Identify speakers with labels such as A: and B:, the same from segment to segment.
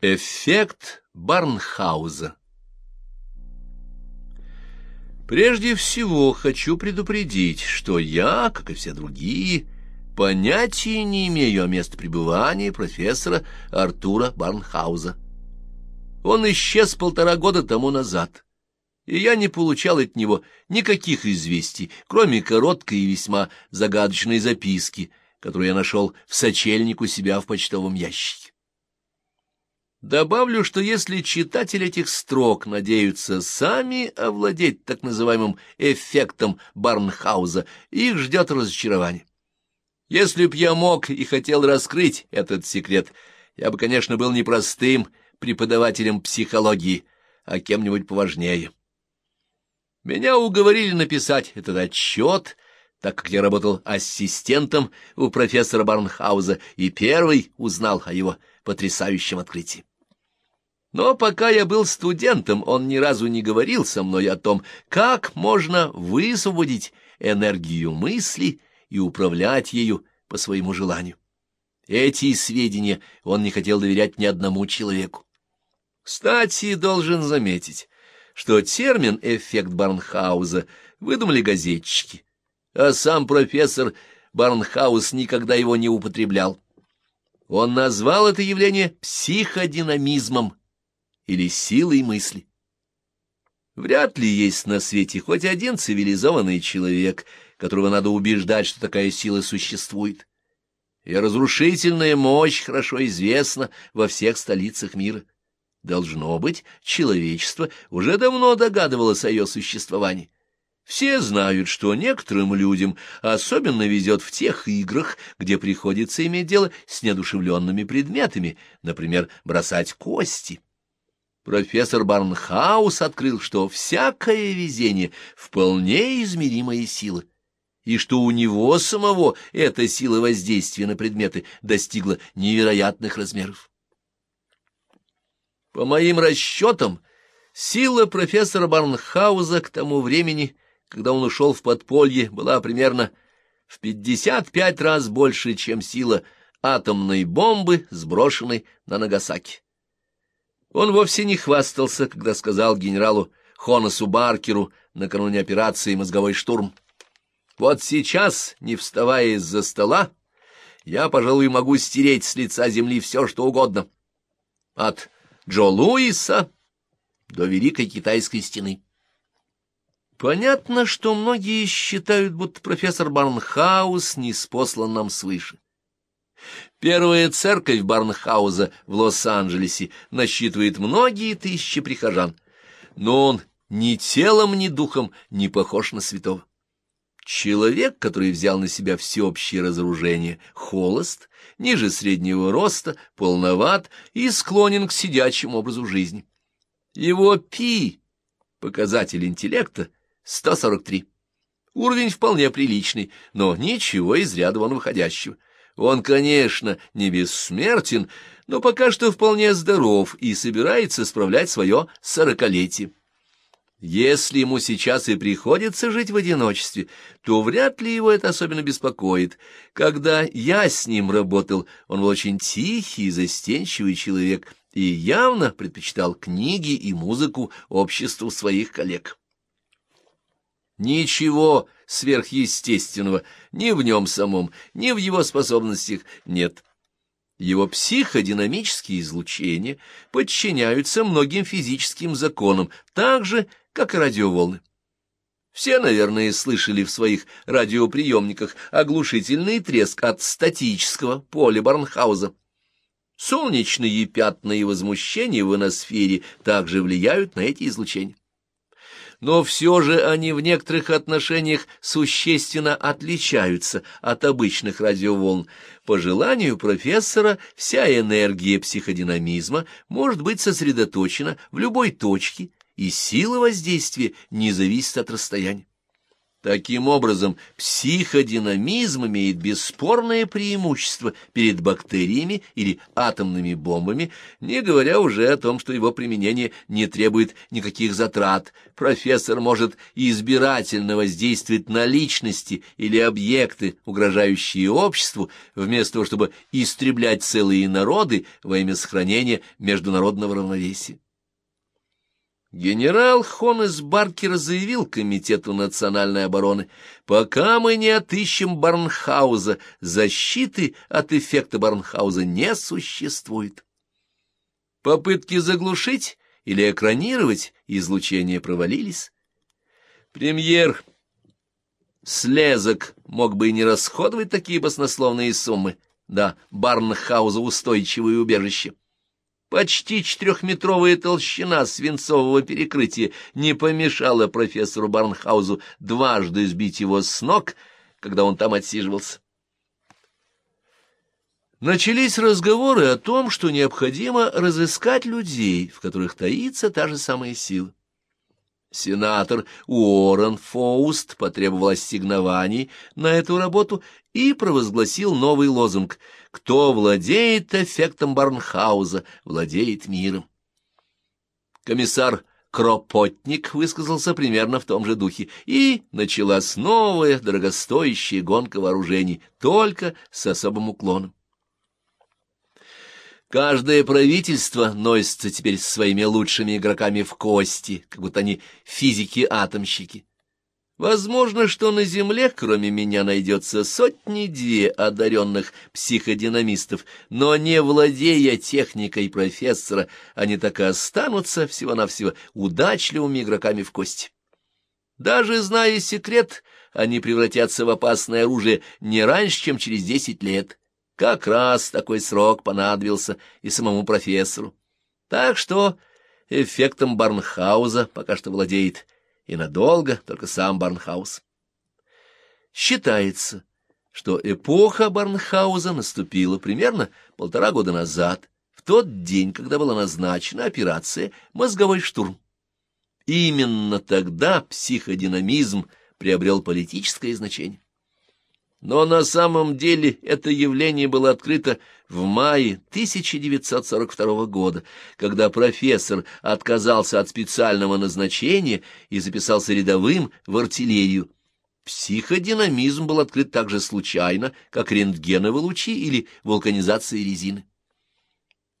A: Эффект Барнхауза Прежде всего хочу предупредить, что я, как и все другие, понятия не имею о месте пребывания профессора Артура Барнхауза. Он исчез полтора года тому назад, и я не получал от него никаких известий, кроме короткой и весьма загадочной записки, которую я нашел в сочельнику себя в почтовом ящике. Добавлю, что если читатели этих строк надеются сами овладеть так называемым эффектом Барнхауза, их ждет разочарование. Если б я мог и хотел раскрыть этот секрет, я бы, конечно, был не простым преподавателем психологии, а кем-нибудь поважнее. Меня уговорили написать этот отчет, так как я работал ассистентом у профессора Барнхауза и первый узнал о его потрясающем открытии. Но пока я был студентом, он ни разу не говорил со мной о том, как можно высвободить энергию мысли и управлять ею по своему желанию. Эти сведения он не хотел доверять ни одному человеку. Кстати, должен заметить, что термин «эффект Барнхауза» выдумали газетчики, а сам профессор Барнхауз никогда его не употреблял. Он назвал это явление психодинамизмом, или силой мысли. Вряд ли есть на свете хоть один цивилизованный человек, которого надо убеждать, что такая сила существует. И разрушительная мощь хорошо известна во всех столицах мира. Должно быть, человечество уже давно догадывалось о ее существовании. Все знают, что некоторым людям особенно везет в тех играх, где приходится иметь дело с неодушевленными предметами, например, бросать кости. Профессор Барнхаус открыл, что всякое везение — вполне измеримая сила, и что у него самого эта сила воздействия на предметы достигла невероятных размеров. По моим расчетам, сила профессора Барнхауза к тому времени, когда он ушел в подполье, была примерно в 55 раз больше, чем сила атомной бомбы, сброшенной на Нагасаки. Он вовсе не хвастался, когда сказал генералу Хонасу Баркеру накануне операции «Мозговой штурм». «Вот сейчас, не вставая из-за стола, я, пожалуй, могу стереть с лица земли все, что угодно. От Джо Луиса до Великой Китайской стены». Понятно, что многие считают, будто профессор Барнхаус не спослан нам свыше. Первая церковь Барнхауза в Лос-Анджелесе насчитывает многие тысячи прихожан, но он ни телом, ни духом не похож на святого. Человек, который взял на себя всеобщее разоружение, холост, ниже среднего роста, полноват и склонен к сидячему образу жизни. Его пи, показатель интеллекта, 143. Уровень вполне приличный, но ничего из ряда вон выходящего. Он, конечно, не бессмертен, но пока что вполне здоров и собирается справлять свое сорокалетие. Если ему сейчас и приходится жить в одиночестве, то вряд ли его это особенно беспокоит. Когда я с ним работал, он был очень тихий и застенчивый человек и явно предпочитал книги и музыку обществу своих коллег. Ничего сверхъестественного ни в нем самом, ни в его способностях нет. Его психодинамические излучения подчиняются многим физическим законам, так же, как и радиоволны. Все, наверное, слышали в своих радиоприемниках оглушительный треск от статического поля Барнхауза. Солнечные пятна и возмущения в иносфере также влияют на эти излучения но все же они в некоторых отношениях существенно отличаются от обычных радиоволн. По желанию профессора вся энергия психодинамизма может быть сосредоточена в любой точке, и сила воздействия не зависит от расстояния. Таким образом, психодинамизм имеет бесспорное преимущество перед бактериями или атомными бомбами, не говоря уже о том, что его применение не требует никаких затрат. Профессор может избирательно воздействовать на личности или объекты, угрожающие обществу, вместо того, чтобы истреблять целые народы во имя сохранения международного равновесия. Генерал Хонес Баркер заявил Комитету национальной обороны, «Пока мы не отыщем Барнхауза, защиты от эффекта Барнхауза не существует». Попытки заглушить или экранировать излучение провалились. Премьер Слезок мог бы и не расходовать такие баснословные суммы. Да, Барнхауза устойчивое убежище. Почти четырехметровая толщина свинцового перекрытия не помешала профессору Барнхаузу дважды сбить его с ног, когда он там отсиживался. Начались разговоры о том, что необходимо разыскать людей, в которых таится та же самая сила. Сенатор Уоррен Фоуст потребовал ассигнований на эту работу и провозгласил новый лозунг — кто владеет эффектом Барнхауза, владеет миром. Комиссар Кропотник высказался примерно в том же духе, и началась новая дорогостоящая гонка вооружений, только с особым уклоном. Каждое правительство носится теперь со своими лучшими игроками в кости, как будто они физики-атомщики. Возможно, что на Земле, кроме меня, найдется сотни-две одаренных психодинамистов, но не владея техникой профессора, они так и останутся всего-навсего удачливыми игроками в кости. Даже зная секрет, они превратятся в опасное оружие не раньше, чем через десять лет. Как раз такой срок понадобился и самому профессору. Так что эффектом Барнхауза пока что владеет и надолго только сам Барнхаус. Считается, что эпоха Барнхауза наступила примерно полтора года назад, в тот день, когда была назначена операция «Мозговой штурм». Именно тогда психодинамизм приобрел политическое значение но на самом деле это явление было открыто в мае 1942 года, когда профессор отказался от специального назначения и записался рядовым в артиллерию. Психодинамизм был открыт так же случайно, как рентгеновые лучи или вулканизация резины.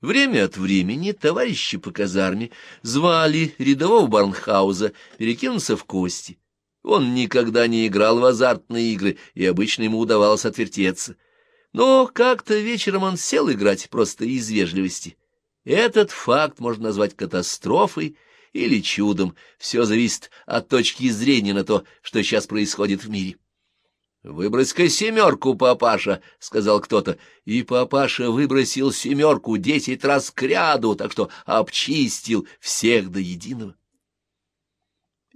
A: Время от времени товарищи по казарме звали рядового Барнхауза перекинуться в кости. Он никогда не играл в азартные игры, и обычно ему удавалось отвертеться. Но как-то вечером он сел играть просто из вежливости. Этот факт можно назвать катастрофой или чудом. Все зависит от точки зрения на то, что сейчас происходит в мире. «Выбрось-ка семерку, папаша», — сказал кто-то. И папаша выбросил семерку десять раз к так что обчистил всех до единого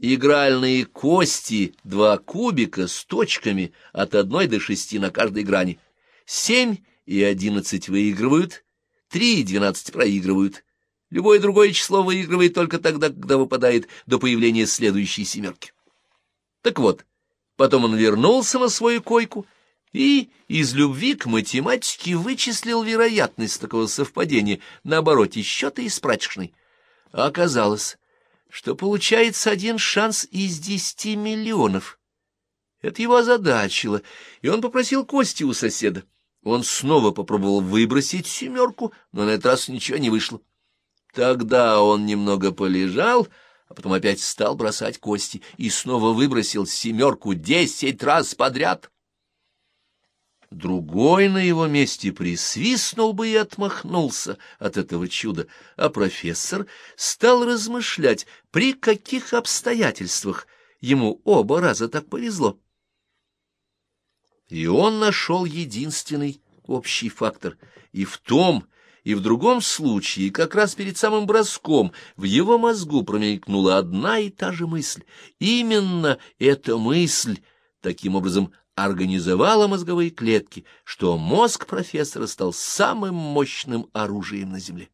A: игральные кости, два кубика с точками от одной до шести на каждой грани. Семь и одиннадцать выигрывают, три и двенадцать проигрывают. Любое другое число выигрывает только тогда, когда выпадает до появления следующей семерки. Так вот, потом он вернулся на свою койку и из любви к математике вычислил вероятность такого совпадения на обороте счета и с прачечной. Оказалось, что получается один шанс из десяти миллионов. Это его озадачило, и он попросил кости у соседа. Он снова попробовал выбросить семерку, но на этот раз ничего не вышло. Тогда он немного полежал, а потом опять стал бросать кости и снова выбросил семерку десять раз подряд. Другой на его месте присвистнул бы и отмахнулся от этого чуда, а профессор стал размышлять, при каких обстоятельствах ему оба раза так повезло. И он нашел единственный общий фактор, и в том, и в другом случае, как раз перед самым броском, в его мозгу промелькнула одна и та же мысль. Именно эта мысль таким образом организовала мозговые клетки, что мозг профессора стал самым мощным оружием на Земле.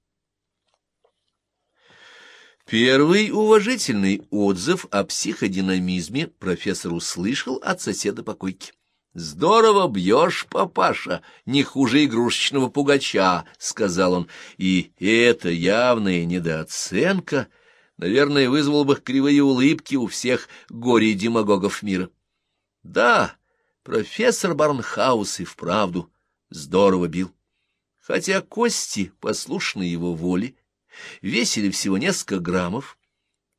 A: Первый уважительный отзыв о психодинамизме профессор услышал от соседа по койке. «Здорово бьешь, папаша, не хуже игрушечного пугача», — сказал он. И это явная недооценка, наверное, вызвала бы кривые улыбки у всех горе-демагогов мира. «Да, профессор Барнхаус и вправду здорово бил. Хотя кости, послушные его воле, весили всего несколько граммов,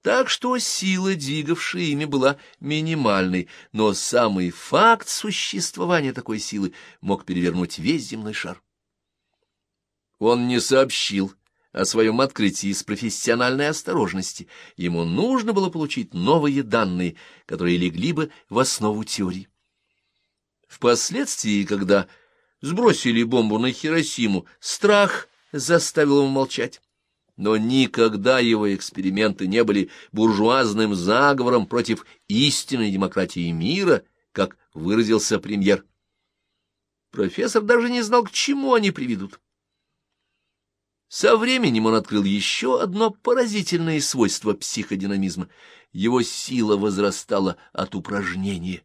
A: так что сила, двигавшая ими, была минимальной, но самый факт существования такой силы мог перевернуть весь земной шар. Он не сообщил о своем открытии с профессиональной осторожности. Ему нужно было получить новые данные, которые легли бы в основу теории. Впоследствии, когда сбросили бомбу на Хиросиму, страх заставил его молчать. Но никогда его эксперименты не были буржуазным заговором против истинной демократии мира, как выразился премьер. Профессор даже не знал, к чему они приведут. Со временем он открыл еще одно поразительное свойство психодинамизма. Его сила возрастала от упражнения.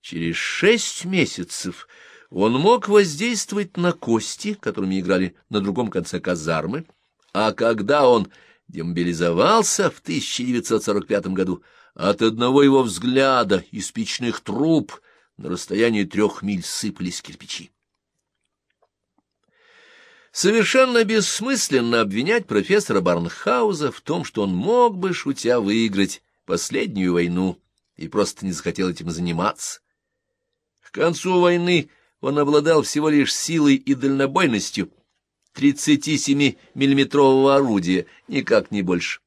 A: Через шесть месяцев он мог воздействовать на кости, которыми играли на другом конце казармы, а когда он демобилизовался в 1945 году, от одного его взгляда из печных труб на расстоянии трех миль сыпались кирпичи. Совершенно бессмысленно обвинять профессора Барнхауза в том, что он мог бы, шутя, выиграть последнюю войну и просто не захотел этим заниматься. К концу войны он обладал всего лишь силой и дальнобойностью 37-миллиметрового орудия, никак не больше.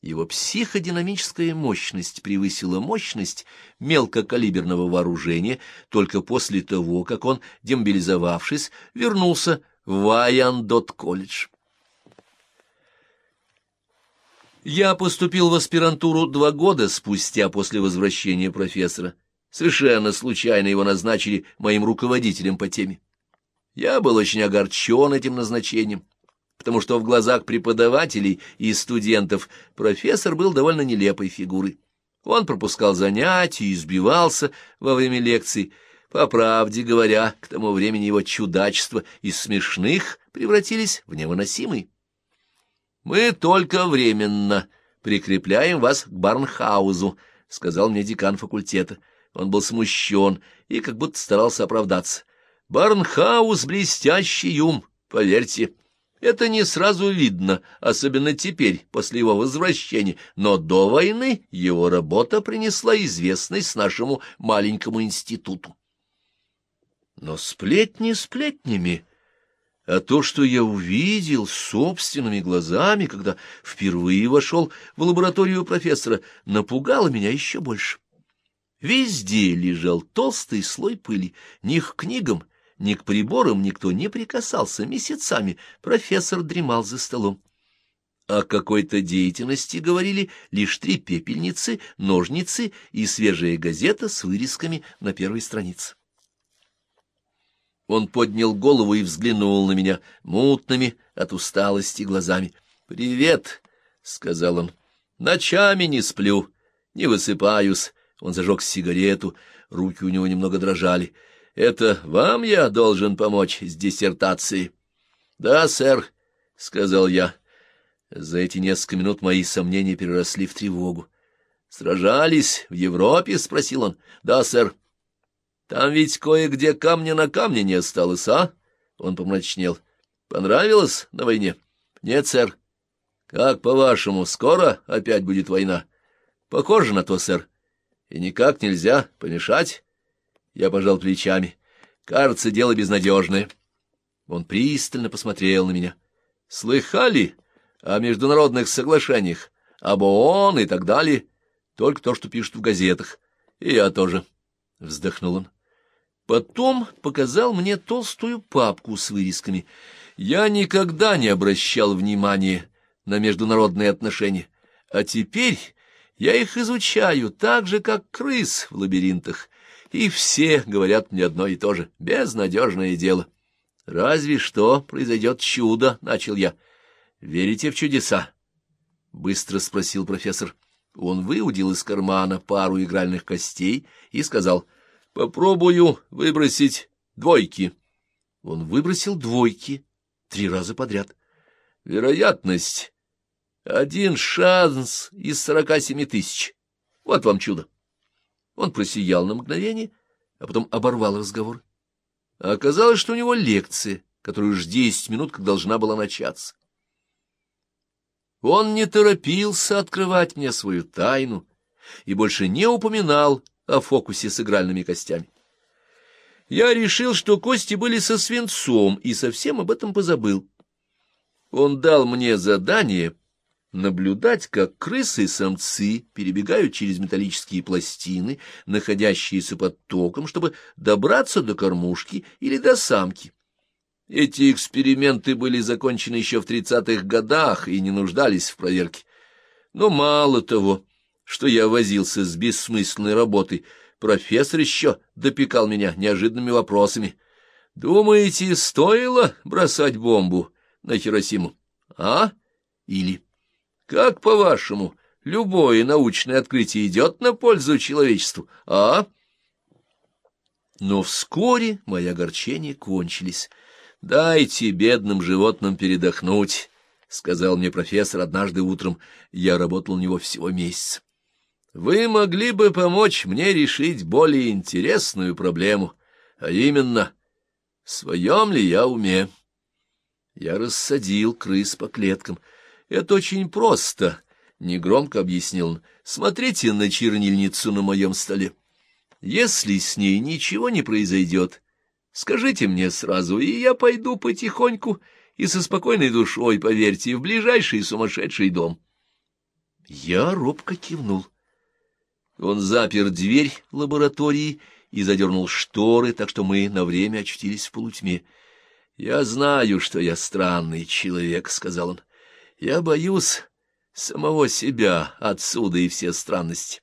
A: Его психодинамическая мощность превысила мощность мелкокалиберного вооружения только после того, как он, демобилизовавшись, вернулся в Айандот-колледж. Я поступил в аспирантуру два года спустя после возвращения профессора. Совершенно случайно его назначили моим руководителем по теме. Я был очень огорчен этим назначением, потому что в глазах преподавателей и студентов профессор был довольно нелепой фигурой. Он пропускал занятия, избивался во время лекций. По правде говоря, к тому времени его чудачества из смешных превратились в невыносимые. «Мы только временно прикрепляем вас к Барнхаузу», — сказал мне декан факультета. Он был смущен и как будто старался оправдаться. «Барнхаус — блестящий ум, поверьте. Это не сразу видно, особенно теперь, после его возвращения, но до войны его работа принесла известность нашему маленькому институту». Но сплетни сплетнями, а то, что я увидел собственными глазами, когда впервые вошел в лабораторию профессора, напугало меня еще больше. Везде лежал толстый слой пыли. Ни к книгам, ни к приборам никто не прикасался месяцами. Профессор дремал за столом. О какой-то деятельности говорили лишь три пепельницы, ножницы и свежая газета с вырезками на первой странице. Он поднял голову и взглянул на меня мутными от усталости глазами. «Привет!» — сказал он. «Ночами не сплю, не высыпаюсь». Он зажег сигарету, руки у него немного дрожали. — Это вам я должен помочь с диссертацией? — Да, сэр, — сказал я. За эти несколько минут мои сомнения переросли в тревогу. — Сражались в Европе? — спросил он. — Да, сэр. — Там ведь кое-где камня на камне не осталось, а? Он помрачнел. — Понравилось на войне? — Нет, сэр. — Как, по-вашему, скоро опять будет война? — Похоже на то, сэр и никак нельзя помешать. Я пожал плечами. Кажется, дело безнадежное. Он пристально посмотрел на меня. Слыхали о международных соглашениях, об ООН и так далее? Только то, что пишут в газетах. И я тоже. Вздохнул он. Потом показал мне толстую папку с вырезками. Я никогда не обращал внимания на международные отношения. А теперь я их изучаю так же, как крыс в лабиринтах, и все говорят мне одно и то же — безнадежное дело. «Разве что произойдет чудо», — начал я. «Верите в чудеса?» — быстро спросил профессор. Он выудил из кармана пару игральных костей и сказал, «Попробую выбросить двойки». Он выбросил двойки три раза подряд. «Вероятность один шанс из сорока семи тысяч. Вот вам чудо. Он просиял на мгновение, а потом оборвал разговор. А оказалось, что у него лекция, которая уж десять минут как должна была начаться. Он не торопился открывать мне свою тайну и больше не упоминал о фокусе с игральными костями. Я решил, что кости были со свинцом, и совсем об этом позабыл. Он дал мне задание наблюдать, как крысы-самцы перебегают через металлические пластины, находящиеся под током, чтобы добраться до кормушки или до самки. Эти эксперименты были закончены еще в 30-х годах и не нуждались в проверке. Но мало того, что я возился с бессмысленной работой, профессор еще допекал меня неожиданными вопросами. «Думаете, стоило бросать бомбу на Хиросиму? А? Или...» Как, по-вашему, любое научное открытие идет на пользу человечеству, а? Но вскоре мои огорчения кончились. «Дайте бедным животным передохнуть», — сказал мне профессор однажды утром. Я работал у него всего месяц. «Вы могли бы помочь мне решить более интересную проблему, а именно, в своем ли я уме?» Я рассадил крыс по клеткам — это очень просто, — негромко объяснил он. Смотрите на чернильницу на моем столе. Если с ней ничего не произойдет, скажите мне сразу, и я пойду потихоньку и со спокойной душой, поверьте, в ближайший сумасшедший дом. Я робко кивнул. Он запер дверь лаборатории и задернул шторы, так что мы на время очутились в полутьме. — Я знаю, что я странный человек, — сказал он. Я боюсь самого себя отсюда и все странности.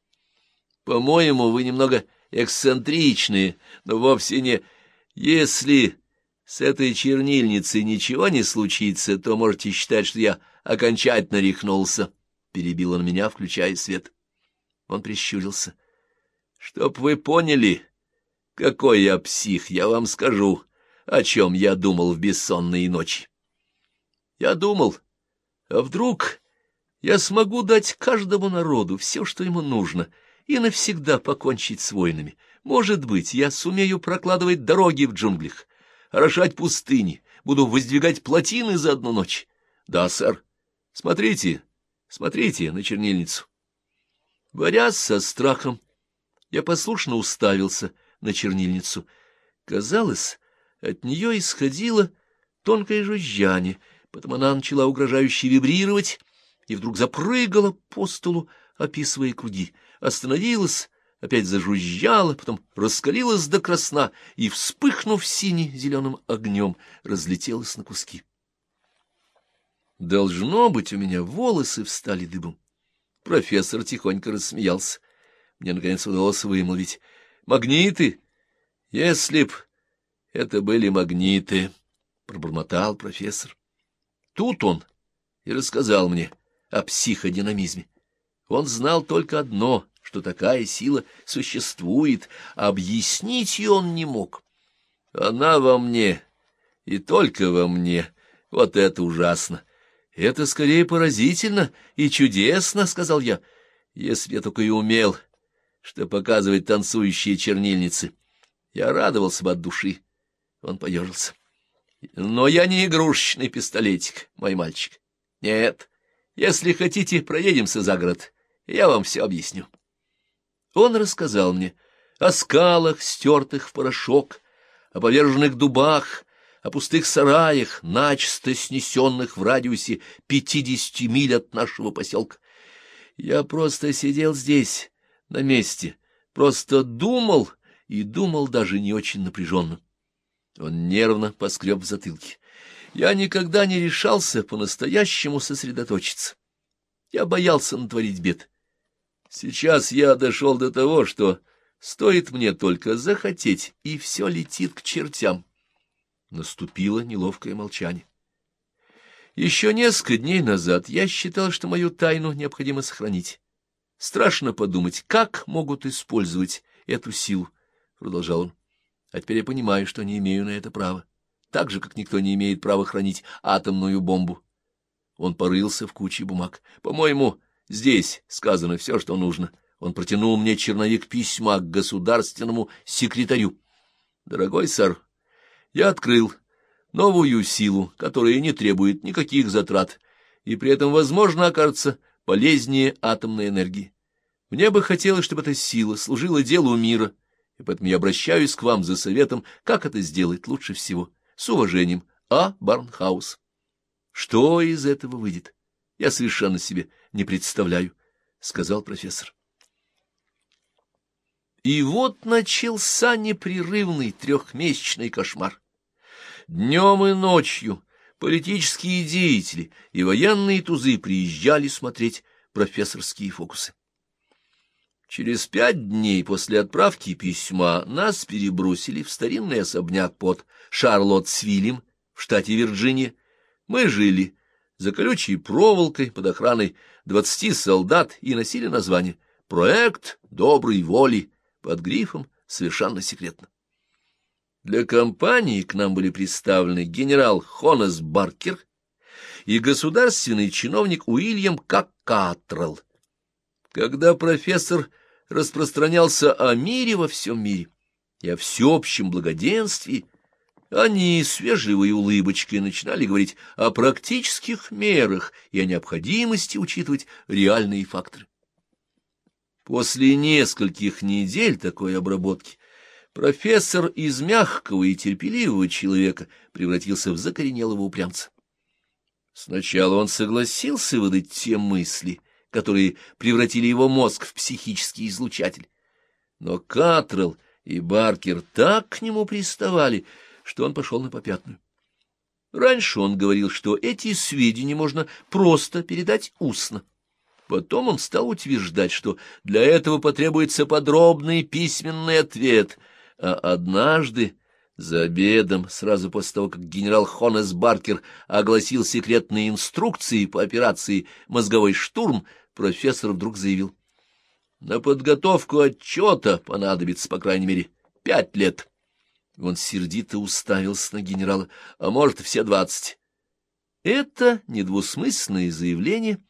A: По-моему, вы немного эксцентричны, но вовсе не... Если с этой чернильницей ничего не случится, то можете считать, что я окончательно рехнулся, — перебил он меня, включая свет. Он прищурился. — Чтоб вы поняли, какой я псих, я вам скажу, о чем я думал в бессонные ночи. Я думал... А вдруг я смогу дать каждому народу все, что ему нужно, и навсегда покончить с войнами? Может быть, я сумею прокладывать дороги в джунглях, орошать пустыни, буду воздвигать плотины за одну ночь? Да, сэр. Смотрите, смотрите на чернильницу. Борясь со страхом, я послушно уставился на чернильницу. Казалось, от нее исходило тонкое жужжание — Потом она начала угрожающе вибрировать и вдруг запрыгала по столу, описывая круги. Остановилась, опять зажужжала, потом раскалилась до красна и, вспыхнув сине-зеленым огнем, разлетелась на куски. Должно быть, у меня волосы встали дыбом. Профессор тихонько рассмеялся. Мне, наконец, удалось вымолвить. «Магниты! Если б это были магниты!» — пробормотал профессор. Тут он и рассказал мне о психодинамизме. Он знал только одно, что такая сила существует, объяснить ее он не мог. Она во мне, и только во мне. Вот это ужасно. Это скорее поразительно и чудесно, — сказал я, — если я только и умел, что показывать танцующие чернильницы. Я радовался бы от души. Он поежился. Но я не игрушечный пистолетик, мой мальчик. Нет, если хотите, проедемся за город, я вам все объясню. Он рассказал мне о скалах, стертых в порошок, о поверженных дубах, о пустых сараях, начисто снесенных в радиусе пятидесяти миль от нашего поселка. Я просто сидел здесь, на месте, просто думал и думал даже не очень напряженно. Он нервно поскреб в затылке. Я никогда не решался по-настоящему сосредоточиться. Я боялся натворить бед. Сейчас я дошел до того, что стоит мне только захотеть, и все летит к чертям. Наступило неловкое молчание. Еще несколько дней назад я считал, что мою тайну необходимо сохранить. Страшно подумать, как могут использовать эту силу, — продолжал он. А теперь я понимаю, что не имею на это права. Так же, как никто не имеет права хранить атомную бомбу. Он порылся в куче бумаг. По-моему, здесь сказано все, что нужно. Он протянул мне черновик письма к государственному секретарю. Дорогой сэр, я открыл новую силу, которая не требует никаких затрат, и при этом, возможно, окажется полезнее атомной энергии. Мне бы хотелось, чтобы эта сила служила делу мира, — и поэтому я обращаюсь к вам за советом, как это сделать лучше всего. С уважением, А. Барнхаус. Что из этого выйдет, я совершенно себе не представляю, — сказал профессор. И вот начался непрерывный трехмесячный кошмар. Днем и ночью политические деятели и военные тузы приезжали смотреть профессорские фокусы. Через пять дней после отправки письма нас перебросили в старинный особняк под Шарлоттсвиллем в штате Вирджиния. Мы жили за колючей проволокой под охраной двадцати солдат и носили название «Проект доброй воли» под грифом «Совершенно секретно». Для компании к нам были представлены генерал Хонас Баркер и государственный чиновник Уильям Какатрелл. Когда профессор распространялся о мире во всем мире и о всеобщем благоденствии, они с вежливой улыбочкой начинали говорить о практических мерах и о необходимости учитывать реальные факторы. После нескольких недель такой обработки профессор из мягкого и терпеливого человека превратился в закоренелого упрямца. Сначала он согласился выдать те мысли — которые превратили его мозг в психический излучатель. Но Катрелл и Баркер так к нему приставали, что он пошел на попятную. Раньше он говорил, что эти сведения можно просто передать устно. Потом он стал утверждать, что для этого потребуется подробный письменный ответ, а однажды за обедом, сразу после того, как генерал Хонес Баркер огласил секретные инструкции по операции «Мозговой штурм», профессор вдруг заявил. «На подготовку отчета понадобится, по крайней мере, пять лет». Он сердито уставился на генерала, а может, все двадцать. Это недвусмысленное заявление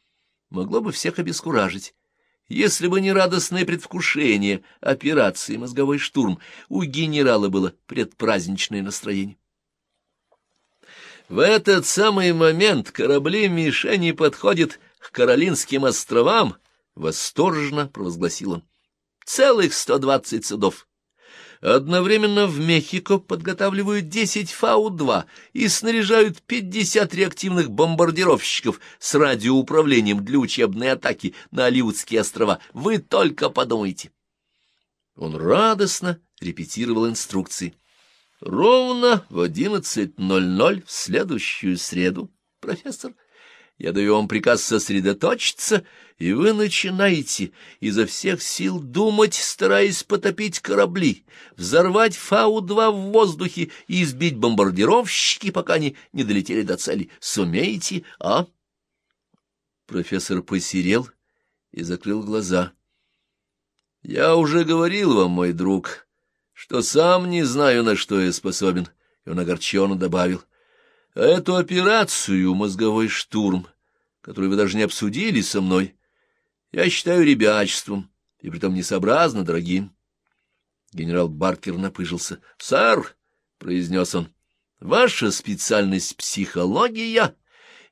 A: могло бы всех обескуражить. Если бы не радостное предвкушение операции «Мозговой штурм», у генерала было предпраздничное настроение. В этот самый момент корабли-мишени подходят к Каролинским островам, — восторженно провозгласил он. — Целых сто двадцать судов! Одновременно в Мехико подготавливают 10 Фау-2 и снаряжают 50 реактивных бомбардировщиков с радиоуправлением для учебной атаки на Алиутские острова. Вы только подумайте. Он радостно репетировал инструкции. Ровно в 11.00 в следующую среду, профессор, я даю вам приказ сосредоточиться, и вы начинаете изо всех сил думать, стараясь потопить корабли, взорвать Фау-2 в воздухе и избить бомбардировщики, пока они не долетели до цели. Сумеете, а? Профессор посерел и закрыл глаза. — Я уже говорил вам, мой друг, что сам не знаю, на что я способен, — и он огорченно добавил. А эту операцию «Мозговой штурм», которую вы даже не обсудили со мной, я считаю ребячеством, и притом несообразно дорогим. Генерал Баркер напыжился. «Сэр!» — произнес он. «Ваша специальность — психология,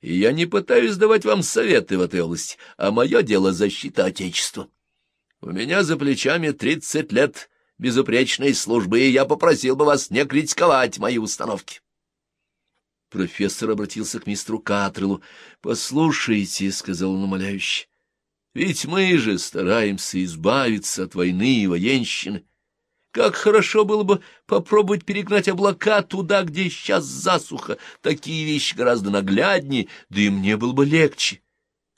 A: и я не пытаюсь давать вам советы в этой области, а мое дело — защита Отечества. У меня за плечами тридцать лет безупречной службы, и я попросил бы вас не критиковать мои установки». Профессор обратился к мистеру Катреллу. «Послушайте», — сказал он умоляюще, — «ведь мы же стараемся избавиться от войны и военщины. Как хорошо было бы попробовать перегнать облака туда, где сейчас засуха. Такие вещи гораздо нагляднее, да и мне было бы легче».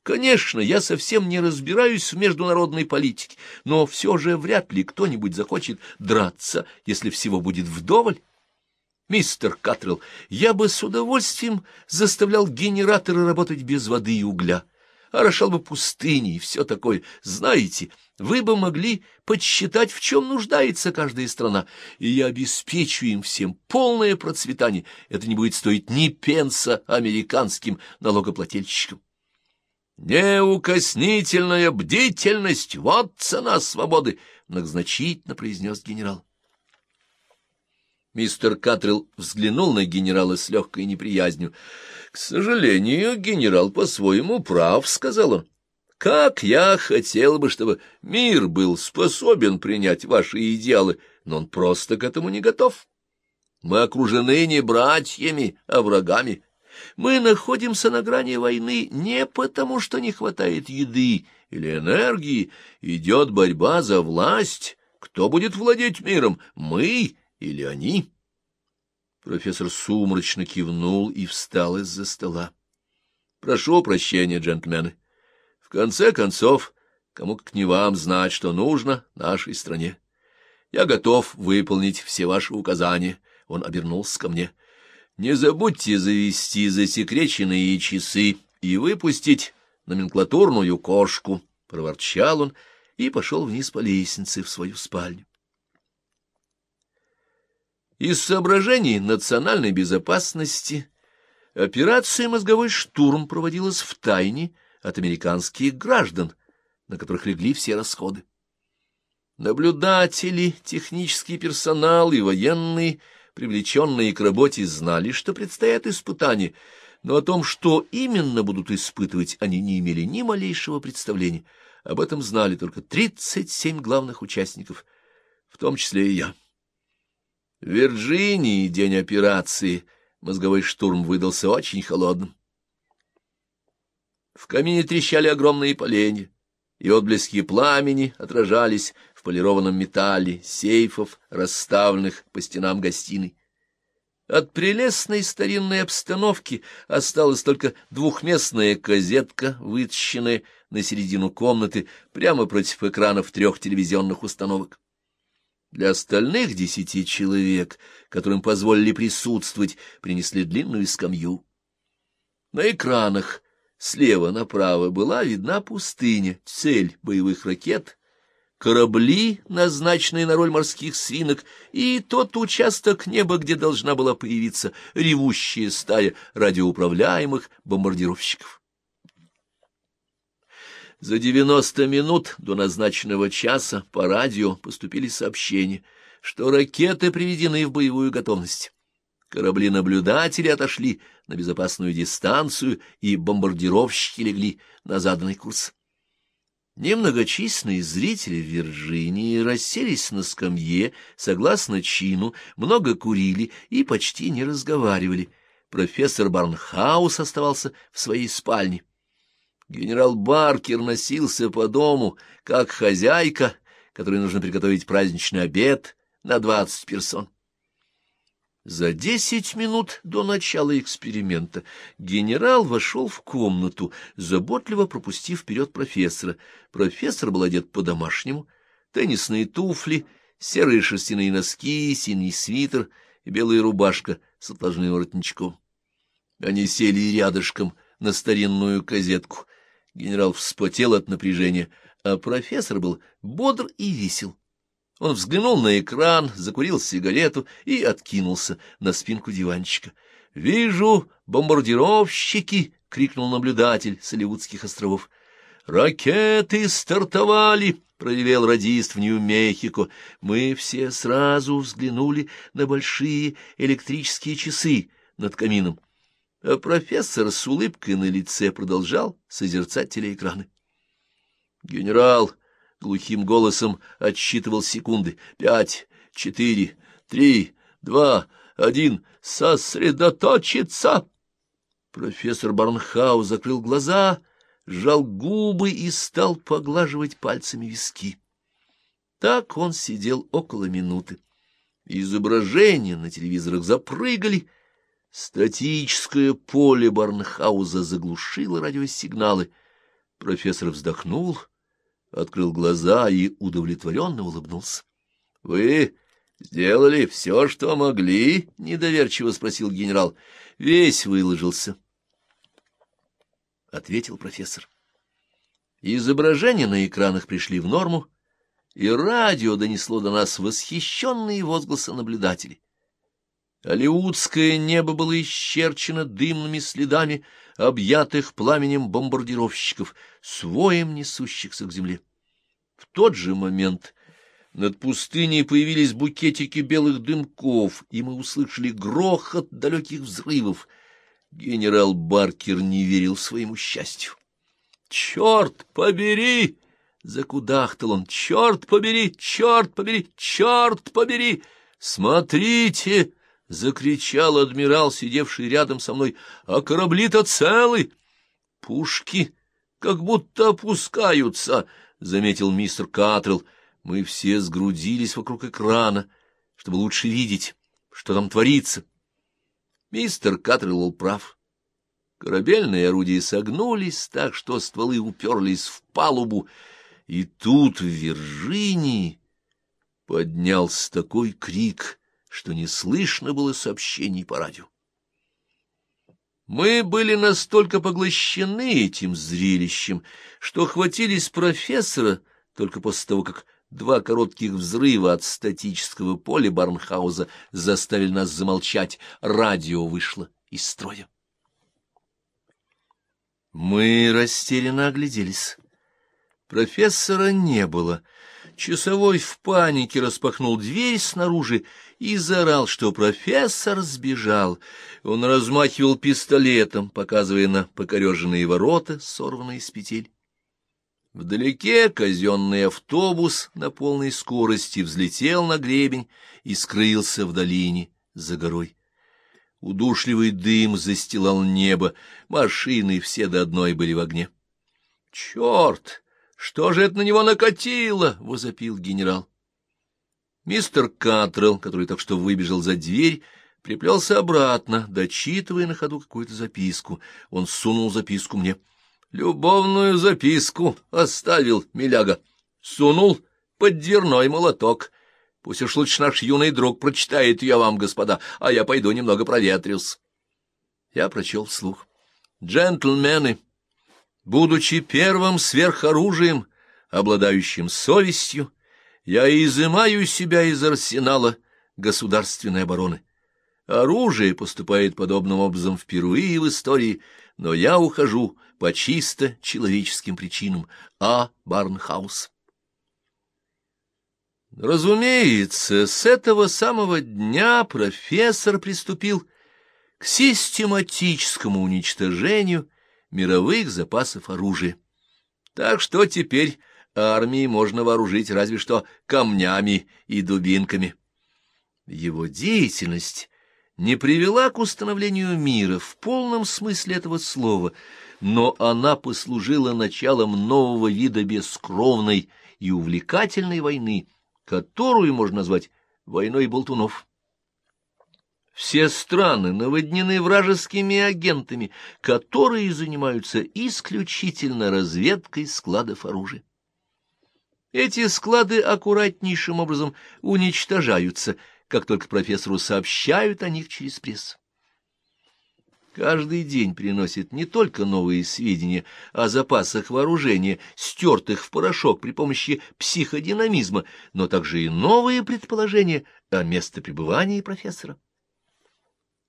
A: Конечно, я совсем не разбираюсь в международной политике, но все же вряд ли кто-нибудь захочет драться, если всего будет вдоволь. Мистер Катрелл, я бы с удовольствием заставлял генераторы работать без воды и угля, а орошал бы пустыни и все такое. Знаете, вы бы могли подсчитать, в чем нуждается каждая страна, и я обеспечу им всем полное процветание. Это не будет стоить ни пенса американским налогоплательщикам. «Неукоснительная бдительность — вот цена свободы!» — многозначительно произнес генерал. Мистер Катрилл взглянул на генерала с легкой неприязнью. — К сожалению, генерал по-своему прав, — сказал он. — Как я хотел бы, чтобы мир был способен принять ваши идеалы, но он просто к этому не готов. Мы окружены не братьями, а врагами. Мы находимся на грани войны не потому, что не хватает еды или энергии. Идет борьба за власть. Кто будет владеть миром? Мы или они? Профессор сумрачно кивнул и встал из-за стола. — Прошу прощения, джентльмены. В конце концов, кому как не вам знать, что нужно нашей стране. Я готов выполнить все ваши указания. Он обернулся ко мне. Не забудьте завести засекреченные часы и выпустить номенклатурную кошку, — проворчал он и пошел вниз по лестнице в свою спальню. Из соображений национальной безопасности операция «Мозговой штурм» проводилась в тайне от американских граждан, на которых легли все расходы. Наблюдатели, технический персонал и военные, привлеченные к работе, знали, что предстоят испытания, но о том, что именно будут испытывать, они не имели ни малейшего представления. Об этом знали только 37 главных участников, в том числе и я. В Вирджинии день операции мозговой штурм выдался очень холодным. В камине трещали огромные поленья, и отблески пламени отражались в полированном металле сейфов, расставленных по стенам гостиной. От прелестной старинной обстановки осталась только двухместная козетка, вытащенная на середину комнаты прямо против экранов трех телевизионных установок. Для остальных десяти человек, которым позволили присутствовать, принесли длинную скамью. На экранах слева направо была видна пустыня, цель боевых ракет, корабли, назначенные на роль морских свинок, и тот участок неба, где должна была появиться ревущая стая радиоуправляемых бомбардировщиков. За 90 минут до назначенного часа по радио поступили сообщения, что ракеты приведены в боевую готовность. Корабли-наблюдатели отошли на безопасную дистанцию, и бомбардировщики легли на заданный курс. Немногочисленные зрители в Вирджинии расселись на скамье, согласно чину, много курили и почти не разговаривали. Профессор Барнхаус оставался в своей спальне. Генерал Баркер носился по дому, как хозяйка, которой нужно приготовить праздничный обед на двадцать персон. За десять минут до начала эксперимента генерал вошел в комнату, заботливо пропустив вперед профессора. Профессор был одет по-домашнему, теннисные туфли, серые шерстяные носки, синий свитер и белая рубашка с отложным воротничком. Они сели рядышком на старинную козетку. Генерал вспотел от напряжения, а профессор был бодр и весел. Он взглянул на экран, закурил сигарету и откинулся на спинку диванчика. «Вижу, бомбардировщики!» — крикнул наблюдатель Соливудских островов. «Ракеты стартовали!» — проревел радист в Нью-Мехико. Мы все сразу взглянули на большие электрические часы над камином. А профессор с улыбкой на лице продолжал созерцать телеэкраны. Генерал глухим голосом отсчитывал секунды. Пять, четыре, три, два, один. Сосредоточиться! Профессор Барнхау закрыл глаза, сжал губы и стал поглаживать пальцами виски. Так он сидел около минуты. Изображения на телевизорах запрыгали — Статическое поле Барнхауза заглушило радиосигналы. Профессор вздохнул, открыл глаза и удовлетворенно улыбнулся. — Вы сделали все, что могли? — недоверчиво спросил генерал. — Весь выложился. — ответил профессор. Изображения на экранах пришли в норму, и радио донесло до нас восхищенные возгласы наблюдателей. Алиутское небо было исчерчено дымными следами, объятых пламенем бомбардировщиков, своем несущихся к земле. В тот же момент над пустыней появились букетики белых дымков, и мы услышали грохот далеких взрывов. Генерал Баркер не верил своему счастью. — Черт побери! — закудахтал он. — Черт побери! Черт побери! Черт побери! Смотрите! Закричал адмирал, сидевший рядом со мной. А корабли-то целы! Пушки как будто опускаются, — заметил мистер Катрелл. Мы все сгрудились вокруг экрана, чтобы лучше видеть, что там творится. Мистер Катрелл был прав. Корабельные орудия согнулись так, что стволы уперлись в палубу, и тут в Виржинии поднялся такой крик, что не слышно было сообщений по радио. Мы были настолько поглощены этим зрелищем, что хватились профессора только после того, как два коротких взрыва от статического поля Барнхауза заставили нас замолчать. Радио вышло из строя. Мы растерянно огляделись. Профессора не было. Часовой в панике распахнул дверь снаружи и заорал, что профессор сбежал. Он размахивал пистолетом, показывая на покореженные ворота, сорванные с петель. Вдалеке казенный автобус на полной скорости взлетел на гребень и скрылся в долине за горой. Удушливый дым застилал небо, машины все до одной были в огне. — Черт! Что же это на него накатило? — возопил генерал. Мистер Катрелл, который так что выбежал за дверь, приплелся обратно, дочитывая на ходу какую-то записку. Он сунул записку мне. «Любовную записку оставил, миляга. Сунул под дверной молоток. Пусть уж лучше наш юный друг прочитает ее вам, господа, а я пойду немного проветрюсь». Я прочел вслух. «Джентльмены, будучи первым сверхоружием, обладающим совестью, — я изымаю себя из арсенала государственной обороны. Оружие поступает подобным образом впервые в истории, но я ухожу по чисто человеческим причинам. А. Барнхаус. Разумеется, с этого самого дня профессор приступил к систематическому уничтожению мировых запасов оружия. Так что теперь армии можно вооружить разве что камнями и дубинками. Его деятельность не привела к установлению мира в полном смысле этого слова, но она послужила началом нового вида бескровной и увлекательной войны, которую можно назвать войной болтунов. Все страны наводнены вражескими агентами, которые занимаются исключительно разведкой складов оружия. Эти склады аккуратнейшим образом уничтожаются, как только профессору сообщают о них через пресс. Каждый день приносит не только новые сведения о запасах вооружения, стертых в порошок при помощи психодинамизма, но также и новые предположения о местопребывании профессора.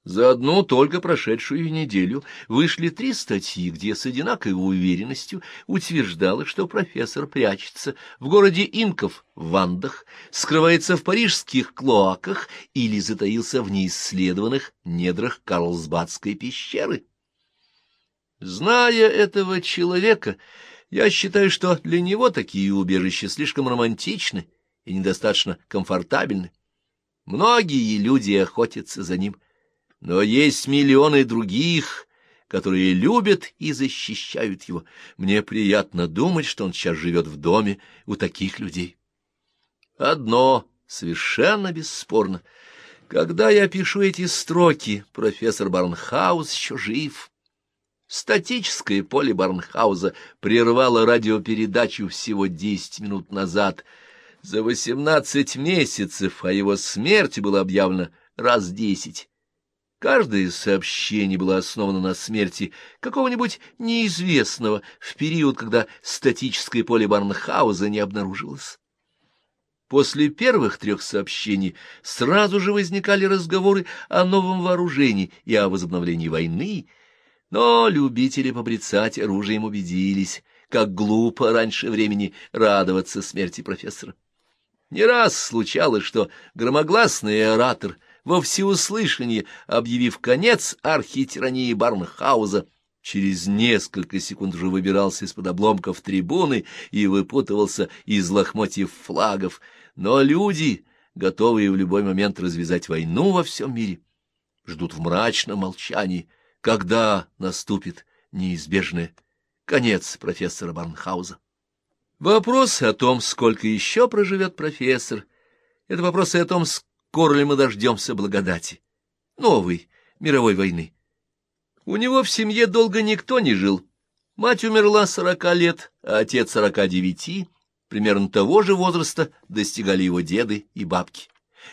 A: За одну только прошедшую неделю вышли три статьи, где с одинаковой уверенностью утверждалось, что профессор прячется в городе Инков в Вандах, скрывается в парижских клоаках или затаился в неисследованных недрах Карлсбадской пещеры. Зная этого человека, я считаю, что для него такие убежища слишком романтичны и недостаточно комфортабельны. Многие люди охотятся за ним — но есть миллионы других, которые любят и защищают его. Мне приятно думать, что он сейчас живет в доме у таких людей. Одно совершенно бесспорно. Когда я пишу эти строки, профессор Барнхаус еще жив. Статическое поле Барнхауза прервало радиопередачу всего десять минут назад. За восемнадцать месяцев о а его смерти было объявлено раз десять. Каждое из сообщений было основано на смерти какого-нибудь неизвестного в период, когда статическое поле Барнхауза не обнаружилось. После первых трех сообщений сразу же возникали разговоры о новом вооружении и о возобновлении войны, но любители побрицать оружием убедились, как глупо раньше времени радоваться смерти профессора. Не раз случалось, что громогласный оратор — во всеуслышание, объявив конец архитирании Барнхауза. Через несколько секунд уже выбирался из-под обломков трибуны и выпутывался из лохмотьев флагов. Но люди, готовые в любой момент развязать войну во всем мире, ждут в мрачном молчании, когда наступит неизбежный конец профессора Барнхауза. Вопрос о том, сколько еще проживет профессор, это вопрос о том, сколько скоро мы дождемся благодати, новой мировой войны. У него в семье долго никто не жил. Мать умерла сорока лет, а отец сорока девяти, примерно того же возраста, достигали его деды и бабки.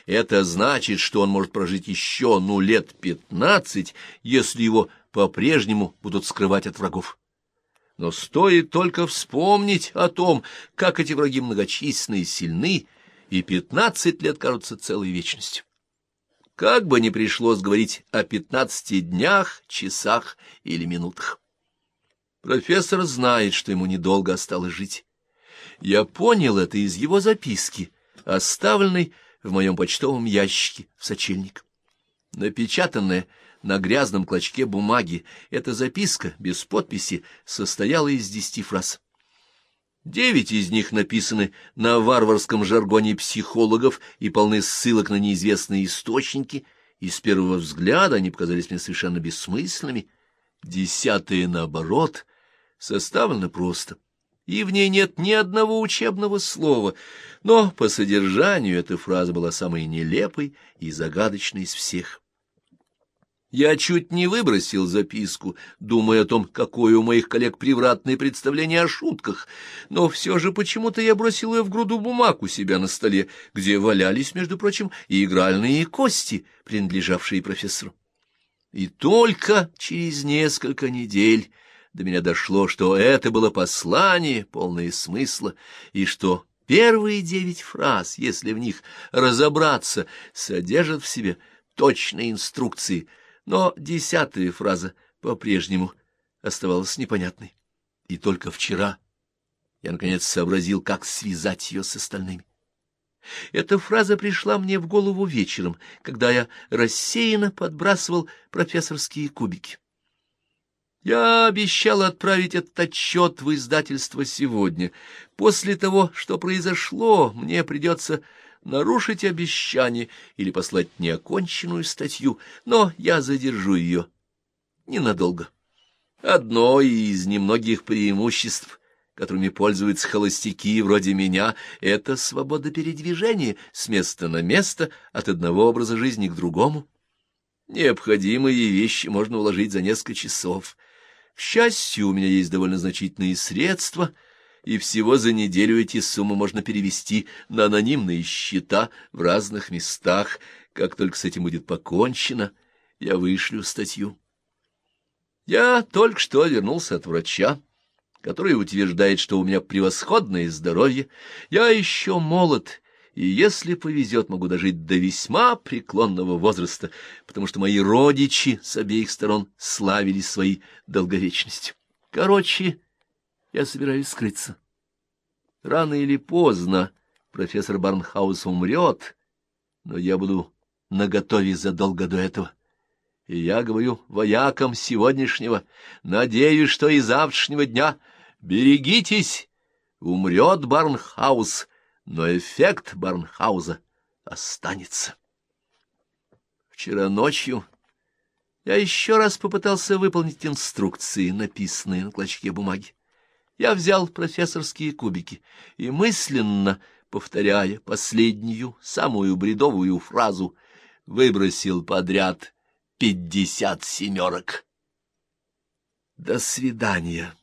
A: Это значит, что он может прожить еще, ну, лет пятнадцать, если его по-прежнему будут скрывать от врагов. Но стоит только вспомнить о том, как эти враги многочисленны и сильны, и пятнадцать лет кажутся целой вечностью. Как бы ни пришлось говорить о пятнадцати днях, часах или минутах. Профессор знает, что ему недолго осталось жить. Я понял это из его записки, оставленной в моем почтовом ящике в сочельник. Напечатанная на грязном клочке бумаги эта записка без подписи состояла из десяти фраз. Девять из них написаны на варварском жаргоне психологов и полны ссылок на неизвестные источники, и с первого взгляда они показались мне совершенно бессмысленными. Десятая, наоборот, составлена просто, и в ней нет ни одного учебного слова, но по содержанию эта фраза была самой нелепой и загадочной из всех. Я чуть не выбросил записку, думая о том, какое у моих коллег превратное представление о шутках, но все же почему-то я бросил ее в груду бумаг у себя на столе, где валялись, между прочим, и игральные кости, принадлежавшие профессору. И только через несколько недель до меня дошло, что это было послание, полное смысла, и что первые девять фраз, если в них разобраться, содержат в себе точные инструкции — но десятая фраза по-прежнему оставалась непонятной. И только вчера я, наконец, сообразил, как связать ее с остальными. Эта фраза пришла мне в голову вечером, когда я рассеянно подбрасывал профессорские кубики. Я обещал отправить этот отчет в издательство сегодня. После того, что произошло, мне придется нарушить обещание или послать неоконченную статью, но я задержу ее ненадолго. Одно из немногих преимуществ, которыми пользуются холостяки вроде меня, это свобода передвижения с места на место, от одного образа жизни к другому. Необходимые вещи можно уложить за несколько часов. К счастью, у меня есть довольно значительные средства — и всего за неделю эти суммы можно перевести на анонимные счета в разных местах. Как только с этим будет покончено, я вышлю статью. Я только что вернулся от врача, который утверждает, что у меня превосходное здоровье. Я еще молод и, если повезет, могу дожить до весьма преклонного возраста, потому что мои родичи с обеих сторон славились своей долговечностью. Короче, я собираюсь скрыться. Рано или поздно профессор Барнхаус умрет, но я буду наготове задолго до этого. И я говорю воякам сегодняшнего, надеюсь, что и завтрашнего дня. Берегитесь! Умрет Барнхаус, но эффект Барнхауза останется. Вчера ночью я еще раз попытался выполнить инструкции, написанные на клочке бумаги. Я взял профессорские кубики и мысленно, повторяя последнюю, самую бредовую фразу, выбросил подряд пятьдесят семерок. До свидания.